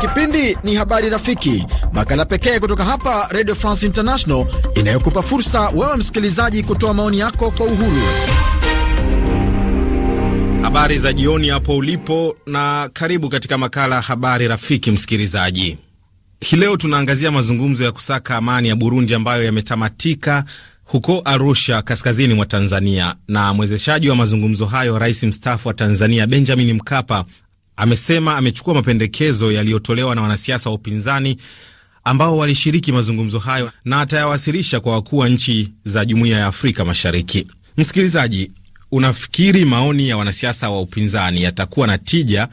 Kipindi ni Habari Rafiki, makala pekee kutoka hapa Radio France International inayokupa fursa wewe msikilizaji kutoa maoni yako kwa uhuru. Habari za jioni hapo ulipo, na karibu katika makala Habari Rafiki msikilizaji. Hii leo tunaangazia mazungumzo ya kusaka amani ya Burundi ambayo yametamatika huko Arusha, kaskazini mwa Tanzania. Na mwezeshaji wa mazungumzo hayo, rais mstaafu wa Tanzania Benjamin Mkapa, amesema amechukua mapendekezo yaliyotolewa na wanasiasa wa upinzani ambao walishiriki mazungumzo hayo na atayawasilisha kwa wakuu wa nchi za jumuiya ya Afrika Mashariki. Msikilizaji, unafikiri maoni ya wanasiasa wa upinzani yatakuwa na tija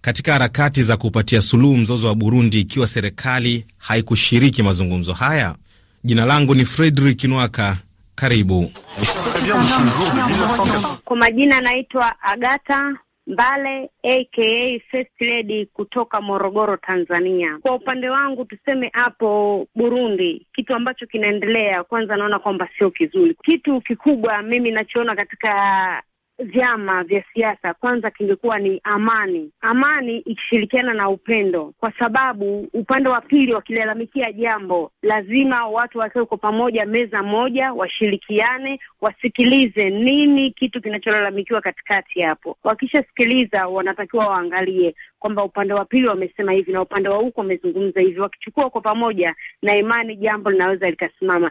katika harakati za kupatia suluhu mzozo wa Burundi ikiwa serikali haikushiriki mazungumzo haya? Jina langu ni Fredrick Nwaka. Karibu. Kwa majina anaitwa Agata Mbale aka First Lady kutoka Morogoro, Tanzania. Kwa upande wangu tuseme hapo Burundi, kitu ambacho kinaendelea, kwanza naona kwamba sio kizuri. Kitu kikubwa mimi nachoona katika vyama vya siasa kwanza kingekuwa ni amani, amani ikishirikiana na upendo, kwa sababu upande wa pili wakilalamikia jambo, lazima watu wakae kwa pamoja, meza moja, washirikiane, wasikilize nini kitu kinacholalamikiwa katikati hapo. Wakishasikiliza, wanatakiwa waangalie kwamba upande wa pili wamesema hivi na upande wa huko wamezungumza hivi, wakichukua kwa pamoja, na imani jambo linaweza likasimama.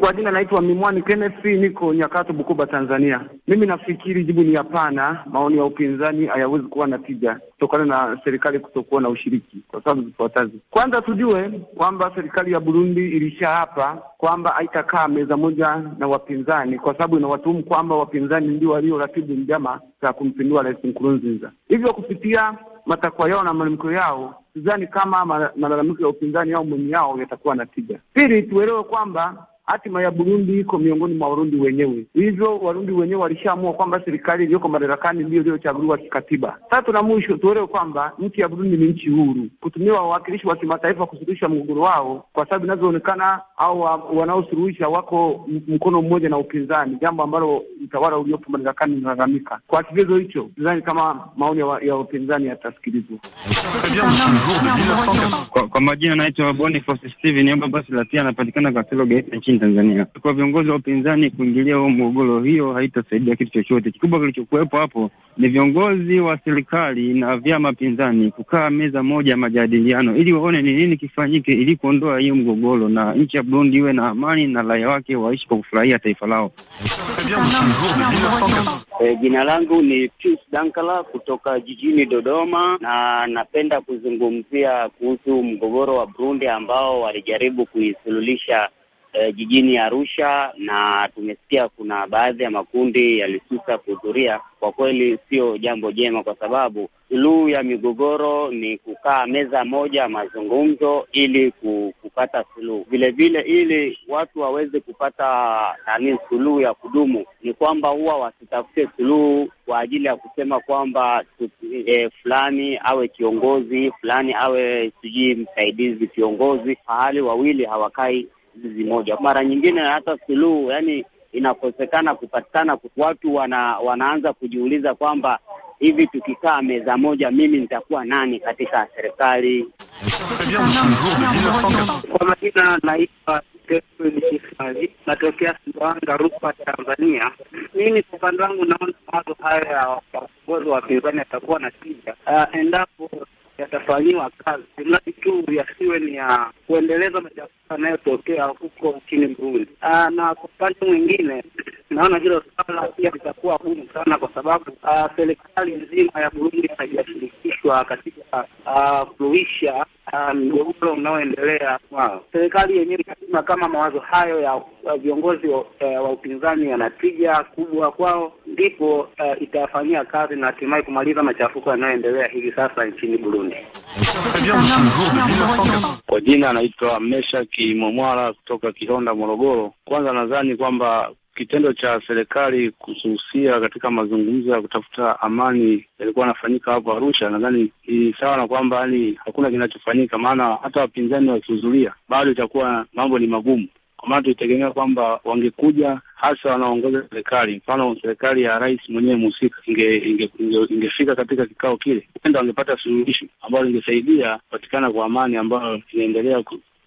Kwa jina naitwa Mimwani Kenneth, niko Nyakato, Bukoba, Tanzania. Mimi nafikiri jibu ni hapana. Maoni ya upinzani hayawezi kuwa na tija kutokana na serikali kutokuwa na ushiriki kwa sababu zifuatazo. Kwanza tujue kwamba serikali ya Burundi hapa kwamba haitakaa meza moja na wapinzani, kwa sababu inawatuhumu kwamba wapinzani ndio walioratibu njama za kumpindua Rais Nkurunziza. Hivyo kupitia matakwa yao na malalamiko yao, sidhani kama malalamiko ya upinzani au maoni yao yatakuwa na tija. Pili, tuelewe kwamba hatima ya Burundi iko miongoni mwa Warundi wenyewe. Hivyo Warundi wenyewe walishaamua kwamba serikali iliyoko madarakani ndiyo iliyochaguliwa kikatiba. Tatu na mwisho, tuelewe kwamba nchi ya Burundi ni nchi huru, kutumia wawakilishi wa kimataifa kusuluhisha mgogoro wao, kwa sababu inavyoonekana au wanaosuluhisha wako mkono mmoja na upinzani, jambo ambalo utawala uliopo madarakani unalalamika kwa kigezo hicho. Sidhani kama maoni ya upinzani yatasikilizwa. Kwa majina naitwa Boniface Steven, niomba basi latia, anapatikana Katelo Geita nchini nchini Tanzania. Kwa viongozi wa upinzani kuingilia huo mgogoro, hiyo haitasaidia kitu chochote. Kikubwa kilichokuwepo hapo ni viongozi wa serikali na vyama pinzani kukaa meza moja ya majadiliano, ili waone ni nini kifanyike, ili kuondoa hiyo mgogoro na nchi ya Burundi iwe na amani na raia wake waishi kwa kufurahia taifa lao. E, jina langu ni Pius Dankala kutoka jijini Dodoma, na napenda kuzungumzia kuhusu mgogoro wa Burundi ambao walijaribu kuisululisha e, jijini Arusha, na tumesikia kuna baadhi ya makundi yalisusa kuhudhuria. Kwa kweli sio jambo jema, kwa sababu suluhu ya migogoro ni kukaa meza moja, mazungumzo ili kupata suluhu. Vilevile, ili watu waweze kupata nani, suluhu ya kudumu, ni kwamba huwa wasitafute suluhu kwa ajili ya kusema kwamba e, fulani awe kiongozi, fulani awe sijui msaidizi kiongozi. Fahali wawili hawakai zizi moja. Mara nyingine hata suluhu yani inakosekana kupatikana. Watu wana, wanaanza kujiuliza kwamba hivi tukikaa meza moja mimi nitakuwa nani katika serikali? Kwa majina naitwa natokea Sumbawanga, Rukwa, Tanzania. Mimi kwa upande wangu naona mawazo hayo ya viongozi wa pinzani atakuwa na tija ah, endapo yatafanyiwa kazi, mradi tu yasiwe ni ya kuendeleza machafuko yanayotokea huko nchini Burundi. Ah, na kwa upande mwingine, naona hilo swala pia litakuwa gumu sana, kwa sababu ah, serikali nzima ya Burundi haijashirikishwa katika suluhisha ah, mgogoro unaoendelea. Serikali yenyewe inasema kama mawazo hayo ya viongozi wa eh, upinzani yanatija kubwa kwao ndipo uh, itafanyia kazi na hatimaye kumaliza machafuko yanayoendelea hivi sasa nchini Burundi. Kwa jina anaitwa mesha Momwara kutoka Kihonda, Morogoro. Kwanza nadhani kwamba kitendo cha serikali kususia katika mazungumzo ya kutafuta amani yalikuwa yanafanyika hapo Arusha, nadhani ni sawa na kwamba yani hakuna kinachofanyika, maana hata wapinzani wakihudhuria bado itakuwa mambo ni magumu maana tulitegemea kwamba wangekuja hasa wanaongoza serikali, mfano serikali ya rais mwenyewe mhusika ingefika inge, inge, inge katika kikao kile, huenda wangepata suluhisho ambayo lingesaidia kupatikana kwa amani ambayo inaendelea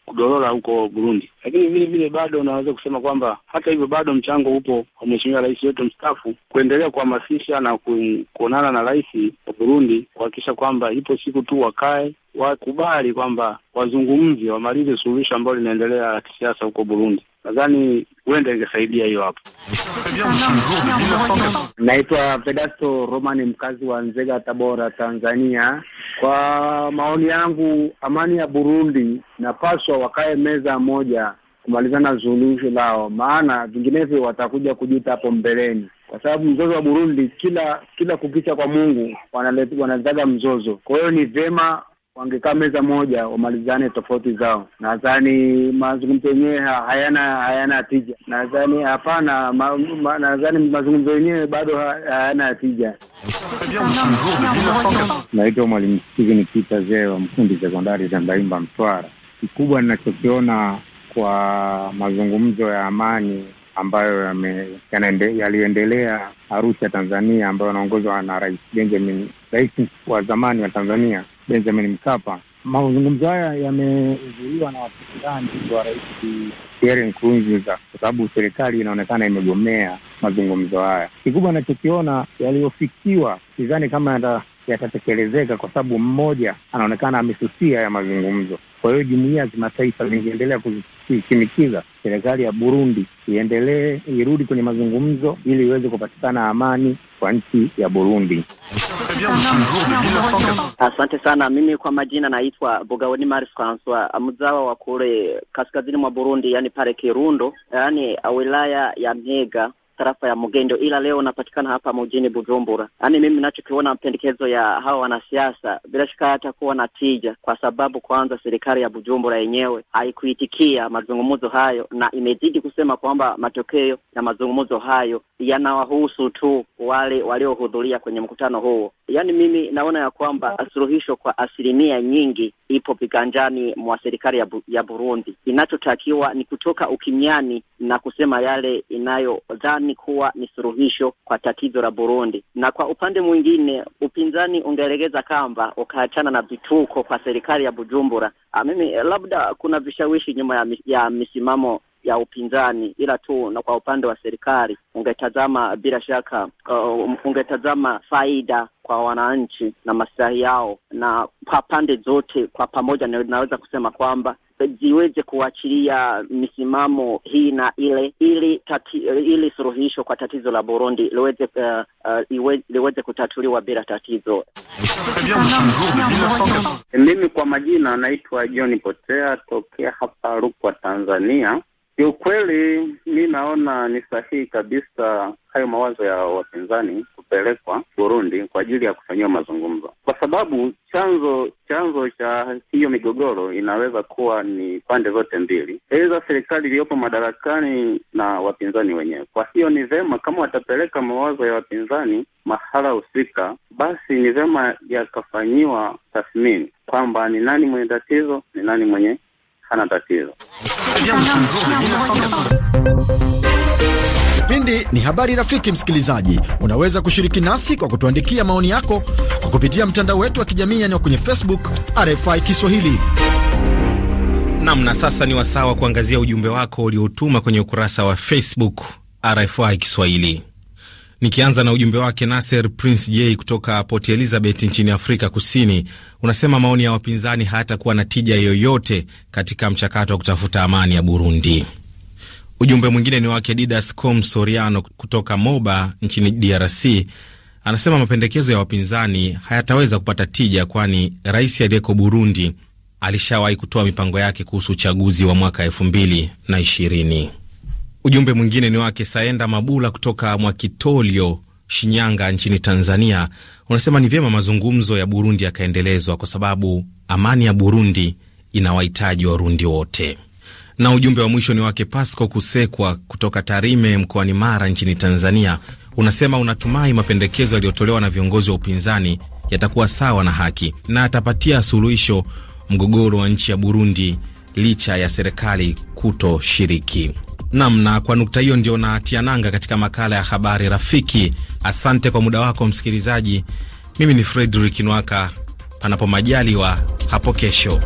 kudorora huko Burundi. Lakini vile vile bado unaweza kusema kwamba hata hivyo bado mchango upo wa mheshimiwa rais wetu mstaafu kuendelea kuhamasisha na kuonana na rais wa Burundi kuhakikisha kwamba ipo siku tu wakae wakubali kwamba wazungumzi wamalize suluhisho ambalo linaendelea la kisiasa huko Burundi. Nadhani huenda ingesaidia hiyo hapo. Naitwa Pedasto Romani, mkazi wa Nzega, Tabora, Tanzania. Kwa maoni yangu, amani ya Burundi napaswa wakae meza moja kumalizana suluhisho lao, maana vinginevyo watakuja kujuta hapo mbeleni, kwa sababu mzozo wa Burundi kila kila kukicha kwa Mungu wanaletaga mzozo. Kwa hiyo ni vyema wangekaa meza moja wamalizane tofauti zao. Nadhani mazungumzo yenyewe hayana hayana tija, nadhani hapana, ma, ma, nadhani mazungumzo yenyewe bado hayana tija. Naitwa Mwalimu Steven Peter Zee wa Mkundi Sekondari Tandaimba, Mtwara. Kikubwa ninachokiona kwa mazungumzo ya amani ambayo yaliendelea Arusha, Tanzania, ambayo anaongozwa na Rais Benjamin, rais wa zamani wa Tanzania Benjamin Mkapa. Mazungumzo haya yamezuiwa na wapinzani wa rais Pierre Nkurunziza kwa sababu serikali inaonekana imegomea mazungumzo haya. Kikubwa anachokiona yaliyofikiwa, sidhani kama yatatekelezeka kwa sababu mmoja anaonekana amesusia ya mazungumzo. Kwa hiyo jumuiya ya kimataifa zingeendelea kuishinikiza serikali ya Burundi iendelee, irudi kwenye mazungumzo ili iweze kupatikana amani kwa nchi ya Burundi. Asante sana. Mimi kwa majina naitwa Bogaweni Maris Francois, mzawa wa kule kaskazini mwa Burundi, yani pale Kirundo, yani wilaya ya Mpega tarafa ya Mugendo, ila leo unapatikana hapa mjini Bujumbura. Yaani mimi nachokiona mapendekezo ya hawa wanasiasa bila shaka hatakuwa na tija, kwa sababu kwanza serikali ya Bujumbura yenyewe haikuitikia mazungumzo hayo, na imezidi kusema kwamba matokeo ya mazungumzo hayo yanawahusu tu wale waliohudhuria kwenye mkutano huo. Yaani mimi naona ya kwamba suluhisho kwa asilimia nyingi ipo viganjani mwa serikali ya, bu, ya Burundi. Inachotakiwa ni kutoka ukimyani na kusema yale inayodhani ni kuwa ni suruhisho kwa tatizo la Burundi, na kwa upande mwingine upinzani ungelegeza kamba ukaachana na vituko kwa serikali ya Bujumbura. A, ah, mimi labda kuna vishawishi nyuma ya, ya misimamo ya upinzani ila tu na kwa upande wa serikali ungetazama bila shaka uh, ungetazama faida kwa wananchi na maslahi yao, na kwa pande zote kwa pamoja, naweza kusema kwamba ziweze kuachilia misimamo hii na ile, ili tati, ili suluhisho kwa tatizo la Burundi liweze uh, uh, liweze kutatuliwa bila tatizo. Mimi kwa majina naitwa John Potea tokea hapa Rukwa, Tanzania. Kiukweli mi naona ni sahihi kabisa hayo mawazo ya wapinzani kupelekwa Burundi kwa ajili ya kufanyiwa mazungumzo, kwa sababu chanzo chanzo cha hiyo migogoro inaweza kuwa ni pande zote mbili, aidha serikali iliyopo madarakani na wapinzani wenyewe. Kwa hiyo ni vema kama watapeleka mawazo ya wapinzani mahala husika, basi ni vema yakafanyiwa tathmini kwamba ni nani mwenye tatizo, ni nani mwenye hana tatizo. Kipindi ni habari rafiki. Msikilizaji, unaweza kushiriki nasi kwa kutuandikia maoni yako kwa kupitia mtandao wetu wa kijamii yaani kwenye Facebook RFI Kiswahili. Nam, na sasa ni wasawa kuangazia ujumbe wako uliotuma kwenye ukurasa wa Facebook RFI Kiswahili. Nikianza na ujumbe wake Nasser Prince J kutoka Port Elizabeth nchini Afrika Kusini, unasema maoni ya wapinzani hayatakuwa na tija yoyote katika mchakato wa kutafuta amani ya Burundi. Ujumbe mwingine ni wake Didas Com Soriano kutoka Moba nchini DRC, anasema mapendekezo ya wapinzani hayataweza kupata tija, kwani rais aliyeko Burundi alishawahi kutoa mipango yake kuhusu uchaguzi wa mwaka elfu mbili na ishirini. Ujumbe mwingine ni wake Saenda Mabula kutoka Mwakitolio, Shinyanga nchini Tanzania. Unasema ni vyema mazungumzo ya Burundi yakaendelezwa kwa sababu amani ya Burundi inawahitaji Warundi wote. Na ujumbe wa mwisho ni wake Pasco Kusekwa kutoka Tarime mkoani Mara nchini Tanzania. Unasema unatumai mapendekezo yaliyotolewa na viongozi wa upinzani yatakuwa sawa na haki na atapatia suluhisho mgogoro wa nchi ya Burundi licha ya serikali kutoshiriki. Nam, na kwa nukta hiyo ndio natia nanga katika makala ya habari rafiki. Asante kwa muda wako msikilizaji. Mimi ni Fredrick Nwaka, panapo majaliwa hapo kesho.